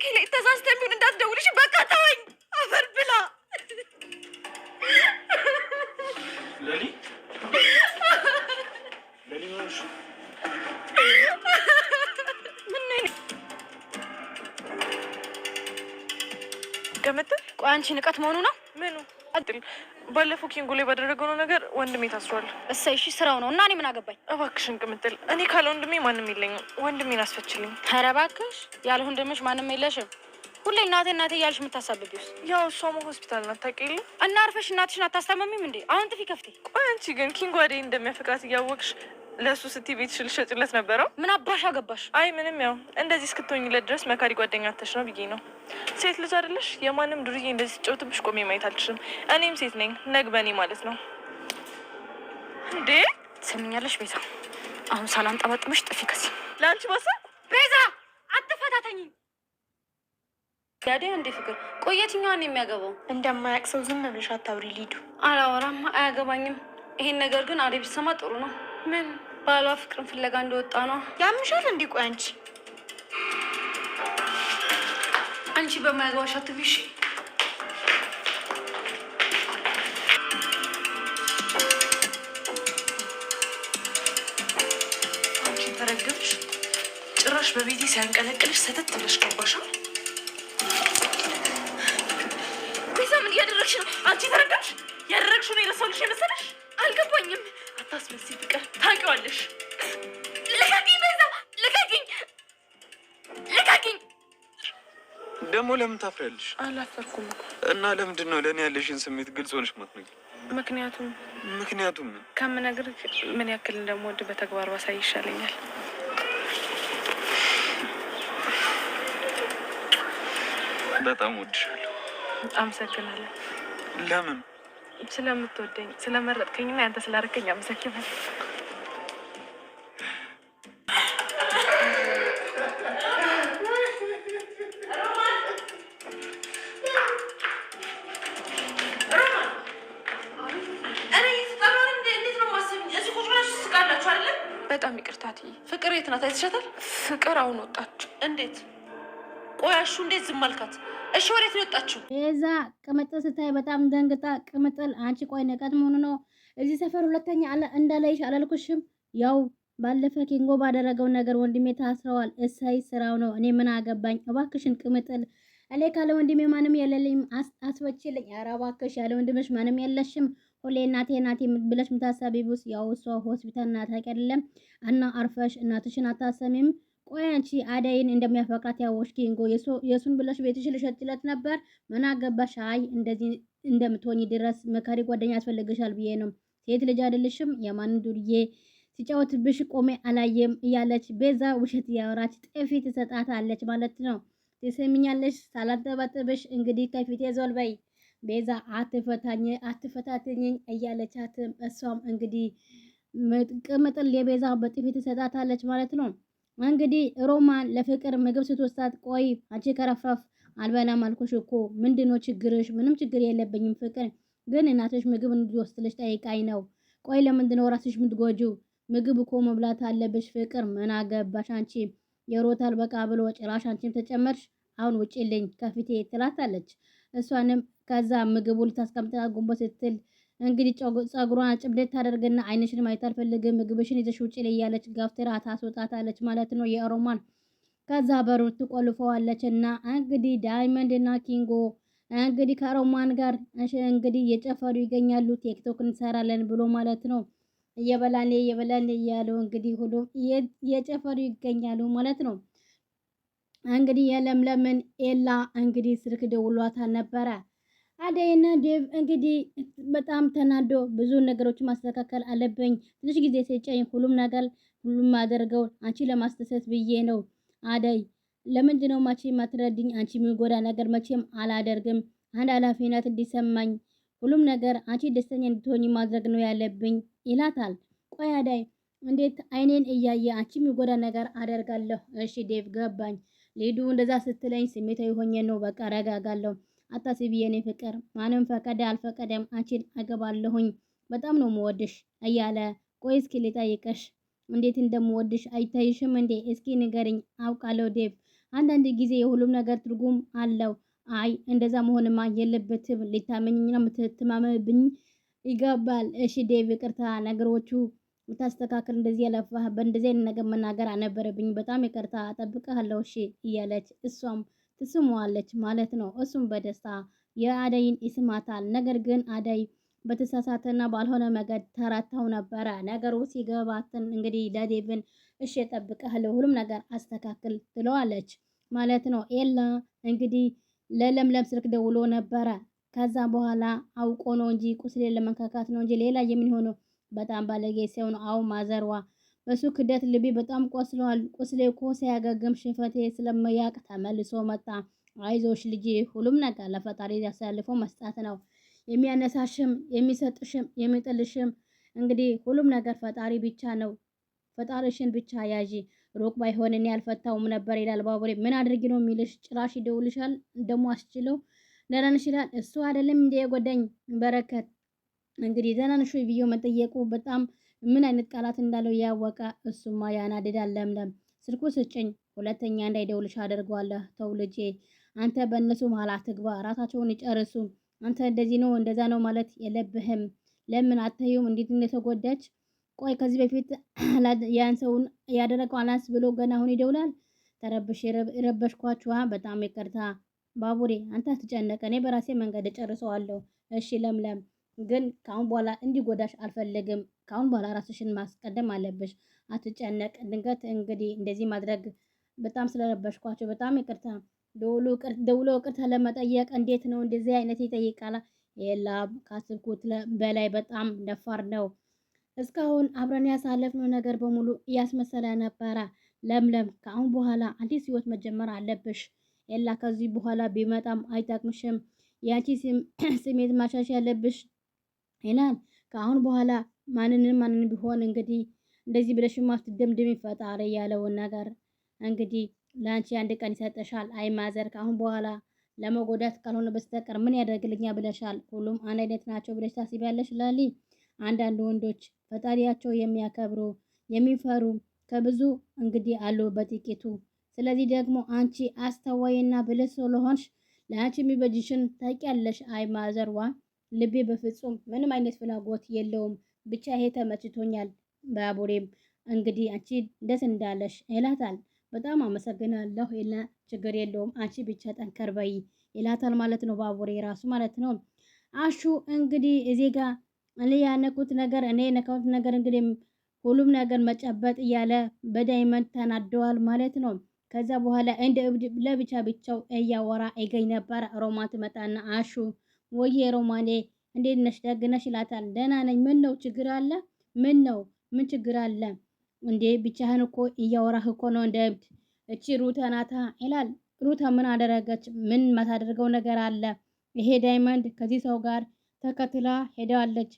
ስልኬ ላይ ተሳስተን ቢሆን እንዳትደውልሽ። በቃ ተወኝ። አፈር ብላ ቆይ አንቺ ንቀት መሆኑ ነው ምኑ? ባለፈው ኪንጎ ላይ ባደረገው ነገር ወንድሜ ታስሯል። እሰይ እሺ፣ ስራው ነው እና እኔ ምን አገባኝ። እባክሽን ቅምጥል፣ እኔ ካለ ወንድሜ ማንም የለኝም። ወንድሜን አስፈችልኝ። ኧረ እባክሽ፣ ያለ ወንድምሽ ማንም የለሽም። ሁሌ እናቴ እናቴ እያልሽ የምታሳብቢውስ? ያው እሷም ሆስፒታል ናት ታውቂያለሽ። እና አርፈሽ እናትሽን አታስታመሚም እንዴ? አሁን ጥፊ ከፍቴ። ቆይ አንቺ ግን ኪንጓዴ እንደሚያፈቃት እያወቅሽ ለእሱ ስቲ ቤትሽን ልሸጭለት ነበረው። ምን አባሽ አገባሽ? አይ ምንም፣ ያው እንደዚህ እስክትሆኝለት ድረስ መካሪ ጓደኛተሽ ነው ብዬ ነው። ሴት ልጅ አይደለሽ? የማንም ዱርዬ እንደዚህ ሲጫወትብሽ ቆሜ ማየት አልችልም። እኔም ሴት ነኝ፣ ነግበኔ ማለት ነው። እንዴ ትሰምኛለሽ ቤዛ? አሁን ሳላንጠባጥብሽ ጥፊ ከሲ ለአንቺ ባሰ ቤዛ አትፈታተኝ። ያዲያ እንዴ ፍቅር፣ ቆየትኛዋን የሚያገባው እንደማያውቅ ሰው ዝም ብለሽ አታውሪ። ሊዱ አላወራም፣ አያገባኝም። ይሄን ነገር ግን አደብ ቢሰማ ጥሩ ነው ምን ባሏ ፍቅርን ፍለጋ እንደወጣ ነው። ያምሻል እንዴ? ቆይ አንቺ አንቺ በማያገባሽ አትብሽ። አንቺ ተረገብሽ። ጭራሽ በቤቴ ሲያንቀለቅልሽ ሰተት ብለሽ ገባሻ። ቤዛ ምን እያደረግሽ ነው? አንቺ ተረገብሽ። ያደረግሽው ነው የረሳሁልሽ የመሰለሽ? አልገባኝም። አታስመስል ትችሏለሽ። ልቀቂኝ! በዛ ልቀቂኝ! ልቀቂኝ! ደግሞ ለምን ታፍሪያለሽ? አላፈርኩም እና ለምንድን ነው ለእኔ ያለሽን ስሜት ግልጽ ሆነሽ ማትነግ? ምክንያቱም ምክንያቱም ከምነግርህ ምን ያክል እንደምወድ በተግባር ባሳይ ይሻለኛል። በጣም ወድሻለሁ። አመሰግናለሁ። ለምን? ስለምትወደኝ ስለመረጥከኝና ያንተ ስላደረከኝ አመሰግናለሁ። አባትዬ። ፍቅር የት ናት? አይተሻታል? ፍቅር አሁን ወጣች። እንዴት ቆያሹ? እንዴት ዝም አልካት? እሺ ወዴት ነው የወጣችው? ቤዛ ቅምጥል ስታይ በጣም ደንግጣ፣ ቅምጥል አንቺ ቆይ ነቀት መሆኑ ነው እዚህ ሰፈር ሁለተኛ አለ እንዳላይሽ አላልኩሽም? ያው ባለፈ ኪንጎ ባደረገው ነገር ወንድሜ ታስረዋል። እሰይ ስራው ነው፣ እኔ ምን አገባኝ? እባክሽን ቅምጥል እኔ ካለ ወንድሜ ማንም የለልኝ፣ አስበችልኝ። ኧረ እባክሽ ያለ ወንድምሽ ማንም የለሽም ሁሌ እናቴ እናቴ ብለሽ የምታሳቢውስ ያው እሷ ሆስፒታል እናት አይደለም እና አርፈሽ እናትሽን አታሰሚም። ቆይ አንቺ አደይን እንደሚያፈቅራት ያወሽ ኪንጎ የሱን ብለሽ ቤትሽ ልሸጥለት ነበር። ምን አገባሽ? አይ እንደዚህ እንደምትሆኝ ድረስ መካሪ ጓደኛ ያስፈልግሻል ብዬ ነው። ሴት ልጅ አይደለሽም። የማን ዱርዬ ሲጫወትብሽ ቆሜ አላየም እያለች ቤዛ ውሸት እያወራች ጥፊ ትሰጣታለች ማለት ነው። ትስምኛለሽ ሳላንጠባጥብሽ እንግዲህ ከፊቴ ዞል በይ። ቤዛ አትፈታኝ አትፈታትኝኝ እያለቻትም እሷም እንግዲህ ቅምጥል የቤዛ በጥፊ ትሰጣታለች ማለት ነው። እንግዲህ ሮማን ለፍቅር ምግብ ስትወስዳት ቆይ አንቺ ከረፈፍ አልበላም አልኩሽ እኮ ምንድን ነው ችግርሽ? ምንም ችግር የለብኝም ፍቅር ግን እናቶች ምግብ እንዲወስድልሽ ጠይቃኝ ነው። ቆይ ለምንድን ነው ራስሽ የምትጎጂው? ምግብ እኮ መብላት አለብሽ ፍቅር። ምን አገባሽ አንቺ የሮታል በቃ ብሎ ጭራሽ አንቺም ተጨመርሽ። አሁን ውጪልኝ ከፊቴ ትላታለች እሷንም ከዛ ምግቡ ልታስቀምጥና ጎንበስ ስትል እንግዲህ ጸጉሯን ጭብደት ታደርግና አይነሽን ማየት አልፈልግም ምግብሽን ይዘሽ ውጭ ላይ ያለች ጋፍትራ ታስወጣታለች ማለት ነው የኦሮማን። ከዛ በሩን ትቆልፈዋለች እና እንግዲህ ዳይመንድ እና ኪንጎ እንግዲህ ከሮማን ጋር እንግዲህ የጨፈሩ ይገኛሉ። ቲክቶክ እንሰራለን ብሎ ማለት ነው እየበላን እየበላን እያሉ እንግዲህ ሁሉ የጨፈሩ ይገኛሉ ማለት ነው። እንግዲህ የለምለምን ኤላ እንግዲህ ስልክ ደውሏታል ነበረ። አደይና ዴቭ እንግዲህ በጣም ተናዶ ብዙ ነገሮች ማስተካከል አለብኝ፣ ትንሽ ጊዜ ስጨኝ፣ ሁሉም ነገር ሁሉም አደርገው አንቺ ለማስደሰት ብዬ ነው። አደይ ለምንድነው ነው ማቼ ማትረድኝ? አንቺ የሚጎዳ ነገር መቼም አላደርግም። አንድ ኃላፊነት እንዲሰማኝ ሁሉም ነገር አንቺ ደስተኛ እንድትሆኝ ማድረግ ነው ያለብኝ ይላታል። ቆይ አደይ እንዴት አይኔን እያየ አንቺ የሚጎዳ ነገር አደርጋለሁ? እሺ ዴቭ ገባኝ። ሊዱ እንደዛ ስትለኝ ስሜታዊ ሆኜ ነው። በቃ ረጋጋለሁ አታስቢ የኔ ፍቅር፣ ማንም ፈቀደ አልፈቀደም አንቺን አገባለሁኝ በጣም ነው መወድሽ እያለ ቆይ እስኪ ልጠይቅሽ እንዴት እንደምወድሽ አይታይሽም እንዴ? እስኪ ንገርኝ። አውቃለሁ ዴቭ፣ አንዳንድ ጊዜ የሁሉም ነገር ትርጉም አለው። አይ እንደዛ መሆንማ የለበትም። ልታመኝና ምትተማመብኝ ይገባል። እሺ ዴቭ፣ ይቅርታ ነገሮቹ ልታስተካክል እንደዚህ የለፋህ በእንደዚህ ነገር መናገር አልነበረብኝ። በጣም ይቅርታ፣ እጠብቅሃለሁ። እሺ እያለች እሷም ትስመዋለች ማለት ነው። እሱም በደስታ የአደይን ይስማታል። ነገር ግን አደይ በተሳሳተና ባልሆነ መንገድ ተረታው ነበረ። ነገሩ ሲገባትን እንግዲህ ለዴቭን እሺ እጠብቅሃለሁ፣ ሁሉም ነገር አስተካክል ትለዋለች ማለት ነው። ኤላ እንግዲህ ለለምለም ስልክ ደውሎ ነበረ። ከዛ በኋላ አውቆ ነው እንጂ ቁስሌ ለመንካካት ነው እንጂ ሌላ የሚሆነው በጣም ባለጌ ሲሆን አው ማዘርዋ በሱ ክደት ልቤ በጣም ቆስሏል። ቁስሌ እኮ ሲያገግም ሽንፈቴ ስለማያቅ ተመልሶ መጣ። አይዞሽ ልጄ፣ ሁሉም ነገር ለፈጣሪ ያሳልፎ መስጣት ነው። የሚያነሳሽም የሚሰጥሽም የሚጥልሽም እንግዲህ ሁሉም ነገር ፈጣሪ ብቻ ነው። ፈጣሪሽን ብቻ ያዢ። ሩቅ ባይሆን እኔ አልፈታውም ነበር ይላል ባቡሬ። ምን አድርጊ ነው የሚልሽ? ጭራሽ ይደውልሻል ደግሞ አስችለው ደህና ነሽ ይላል። እሱ አይደለም እንደ የጎደኝ በረከት እንግዲህ ዘናንሹ ነሽ ብዬ መጠየቁ በጣም ምን አይነት ቃላት እንዳለው ያወቀ እሱማ ያናድዳል። ለምለም ስልኩ ስጭኝ፣ ሁለተኛ እንዳይደውልሽ አደርገዋለሁ። ተው ልጄ፣ አንተ በእነሱ መሀል አትግባ፣ ራሳቸውን ይጨርሱ። አንተ እንደዚህ ነው እንደዛ ነው ማለት የለብህም። ለምን አታዩም እንዴት እንደተጎዳች? ቆይ ከዚህ በፊት ያን ሰውን ያደረገው አላስ ብሎ ገና አሁን ይደውላል። ተረብሽ የረበሽኳችኋ፣ በጣም ይቅርታ ባቡሬ። አንተ አትጨነቅ፣ እኔ በራሴ መንገድ እጨርሰዋለሁ። እሺ ለምለም፣ ግን ከአሁን በኋላ እንዲጎዳሽ አልፈልግም። ከአሁን በኋላ ራስሽን ማስቀደም አለብሽ። አትጨነቅ። ድንገት እንግዲህ እንደዚህ ማድረግ በጣም ስለረበሽኳቸው በጣም ይቅርታ። ደውሎ ደውሎ ይቅርታ ለመጠየቅ እንዴት ነው እንደዚህ አይነት ይጠይቃል? የላ ካስብኩት በላይ በጣም ደፋር ነው። እስካሁን አብረን ያሳለፍነው ነገር በሙሉ እያስመሰለ ነበረ። ለምለም፣ ከአሁን በኋላ አዲስ ህይወት መጀመር አለብሽ። የላ ከዚህ በኋላ ቢመጣም አይጠቅምሽም። ያቺ ስሜት ማሻሻ ያለብሽ ይላል። ከአሁን በኋላ ማንንም ማንን ቢሆን እንግዲህ እንደዚህ ብለሽ አትደምድሚ። ፈጣሪ ያለውን ነገር እንግዲህ ለአንቺ አንድ ቀን ይሰጠሻል። አይ ማዘር ከአሁን በኋላ ለመጎዳት ካልሆነ በስተቀር ምን ያደርግልኛ ብለሻል። ሁሉም አንድ አይነት ናቸው ብለሽ ታስቢያለሽ። ላሊ አንዳንድ ወንዶች ፈጣሪያቸው የሚያከብሩ የሚፈሩ ከብዙ እንግዲህ አሉ በጥቂቱ። ስለዚህ ደግሞ አንቺ አስተዋይና ብልህ ስለሆንሽ ለአንቺ የሚበጅሽን ታውቂያለሽ። አይ ማዘርዋ ልቤ በፍጹም ምንም አይነት ፍላጎት የለውም፣ ብቻ ይሄ ተመችቶኛል። ባቡሬም እንግዲህ አንቺ ደስ እንዳለሽ ይላታል። በጣም አመሰግናለሁ ይላ ችግር የለውም አንቺ ብቻ ጠንከር በይ ይላታል ማለት ነው። ባቡሬ ራሱ ማለት ነው። አሹ እንግዲህ እዚህ ጋር እኔ ያነኩት ነገር እኔ የነካሁት ነገር እንግዲህ ሁሉም ነገር መጨበጥ እያለ በዳይመንድ ተናደዋል ማለት ነው። ከዛ በኋላ እንደ እብድ ለብቻ ብቻው እያወራ ይገኝ ነበር። ሮማን ትመጣና አሹ ወየ ሮማኔ እንዴት ነሽ? ደግ ነሽ ይላታል። ደህና ነኝ። ምን ነው ችግር አለ? ምን ነው ምን ችግር አለ እንዴ? ብቻህን እኮ እያወራህ እኮ ነው እንደ እብድ። እቺ ሩታ ናታ ይላል። ሩታ ምን አደረገች? ምን ማታደርገው ነገር አለ? ይሄ ዳይመንድ ከዚህ ሰው ጋር ተከትላ ሄደዋለች።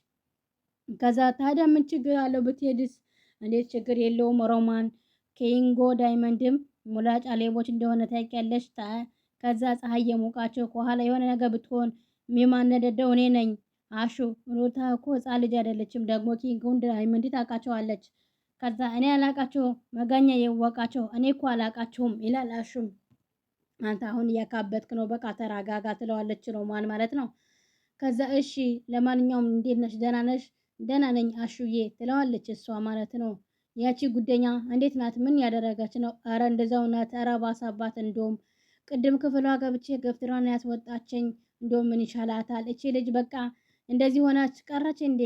ከዛ ታዲያ ምን ችግር አለው ብትሄድስ? እንዴት ችግር የለውም ሮማን ኬንጎ ዳይመንድም ሙላጫ ሌቦች እንደሆነ ታውቂያለሽ። ከዛ ፀሐይ የሞቃቸው ከኋላ የሆነ ነገር ብትሆን የሚማነደደው እኔ ነኝ። አሹ ሩታ እኮ ህፃን ልጅ አይደለችም። ደግሞ ኪንጉን ዳይመንድ ታውቃቸዋለች። ከዛ እኔ አላቃቸው መጋኛ የወቃቸው እኔ እኮ አላቃቸውም ይላል አሹም። አንተ አሁን እያካበትክ ነው፣ በቃ ተረጋጋ ትለዋለች። ነው ማለት ነው። ከዛ እሺ ለማንኛውም እንዴት ነሽ? ደህና ነሽ? ደህና ነኝ አሹዬ ትለዋለች እሷ ማለት ነው። ያቺ ጉደኛ እንዴት ናት? ምን ያደረገች ነው? ኧረ እንደዛው ናት። ኧረ ባሳባት። እንደውም ቅድም ክፍሏ ገብቼ ገፍትራን ያስወጣችኝ እንደው ምን ይሻላታል እቺ ልጅ በቃ እንደዚህ ሆናች ቀረች እንዴ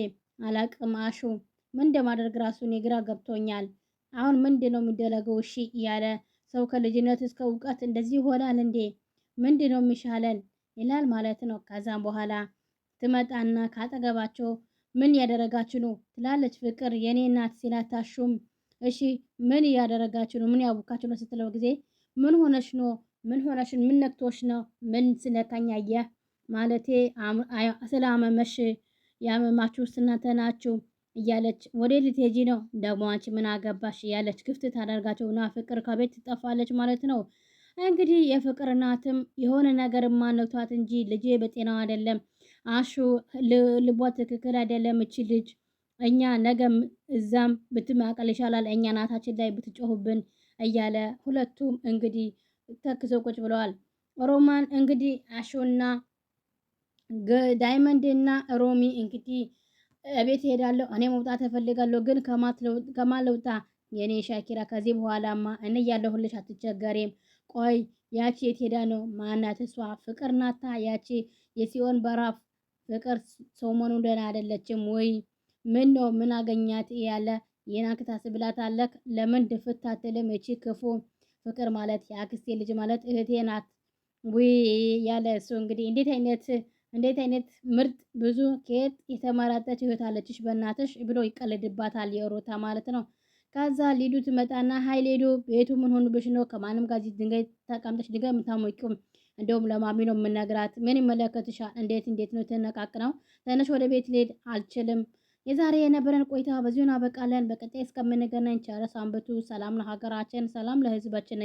አላቅም አሹ ምን እንደማደርግ ራሱ እኔ ግራ ገብቶኛል አሁን ምንድን ነው የሚደረገው እሺ እያለ ሰው ከልጅነት እስከ እውቀት እንደዚህ ይሆናል እንዴ ምንድን ነው የሚሻለን ይላል ማለት ነው ከዛም በኋላ ትመጣና ካጠገባቸው ምን እያደረጋችሁ ነው ትላለች ፍቅር የኔ እናት ሲላታሹም እሺ ምን እያደረጋችሁ ነው ምን ያቡካችሁ ነው ስትለው ጊዜ ምን ሆነሽ ነው ምን ሆነሽ ምን ነክቶሽ ነው ምን ስለካኛየ ማለቴ ስለ አመመሽ ያመማችሁ እናንተ ናችሁ እያለች ወደ ልትሄጂ ነው ደግሞ አንቺ ምን አገባሽ እያለች ክፍት ና ፍቅር ከቤት ትጠፋለች ማለት ነው። እንግዲህ የፍቅር እናትም የሆነ ነገር ማነቷት እንጂ ልጄ በጤናው አይደለም፣ አሹ ልቧ ትክክል አይደለም፣ እቺ ልጅ እኛ ነገም እዛም ብትማቀል ይሻላል፣ እኛ እናታችን ላይ ብትጮሁብን እያለ ሁለቱም እንግዲህ ተክሰው ቁጭ ብለዋል። ሮማን እንግዲህ አሹና ዳይመንድ እና ሮሚ እንግዲህ ቤት ሄዳለሁ፣ እኔ መውጣት እፈልጋለሁ። ግን ከማለውጣ የኔ ሻኪራ፣ ከዚህ በኋላማ እኔ ያለሁልሽ አትቸገሬም። ቆይ ያቺ የት ሄዳ ነው? ማናት እሷ? ፍቅር ናታ? ያቺ የሲኦል በራፍ ፍቅር ሰሞኑ ደህና አይደለችም ወይ? ምን ነው ምን አገኛት ያለ የናክታስ ብላታለክ። ለምን ድፍት አትልም? እቺ ክፉ ፍቅር ማለት የአክስቴ ልጅ ማለት እህቴ ናት ወይ ያለ እሱ እንግዲህ እንዴት አይነት እንዴት አይነት ምርጥ ብዙ ከየት የተመራጠች ህይወት አለችሽ በእናትሽ ብሎ ይቀልድባታል የሮታ ማለት ነው። ከዛ ሊዱ ትመጣና ሀይ ሊዱ ቤቱ ምን ሆኑብሽ ነው? ከማንም ጋር ድንጋይ ተቀምጠሽ ድንጋይ የምታሞቂውም እንደውም ለማሚ ነው የምነግራት። ምን ይመለከትሻል? እንዴት እንዴት ነው ትነቃቅ ነው? ተነሽ ወደ ቤት ልሄድ አልችልም። የዛሬ የነበረን ቆይታ በዚሁ አበቃለን በቀጣይ እስከምንገናኝ ቸር ሰንብቱ። ሰላም ለሀገራችን፣ ሰላም ለህዝባችን።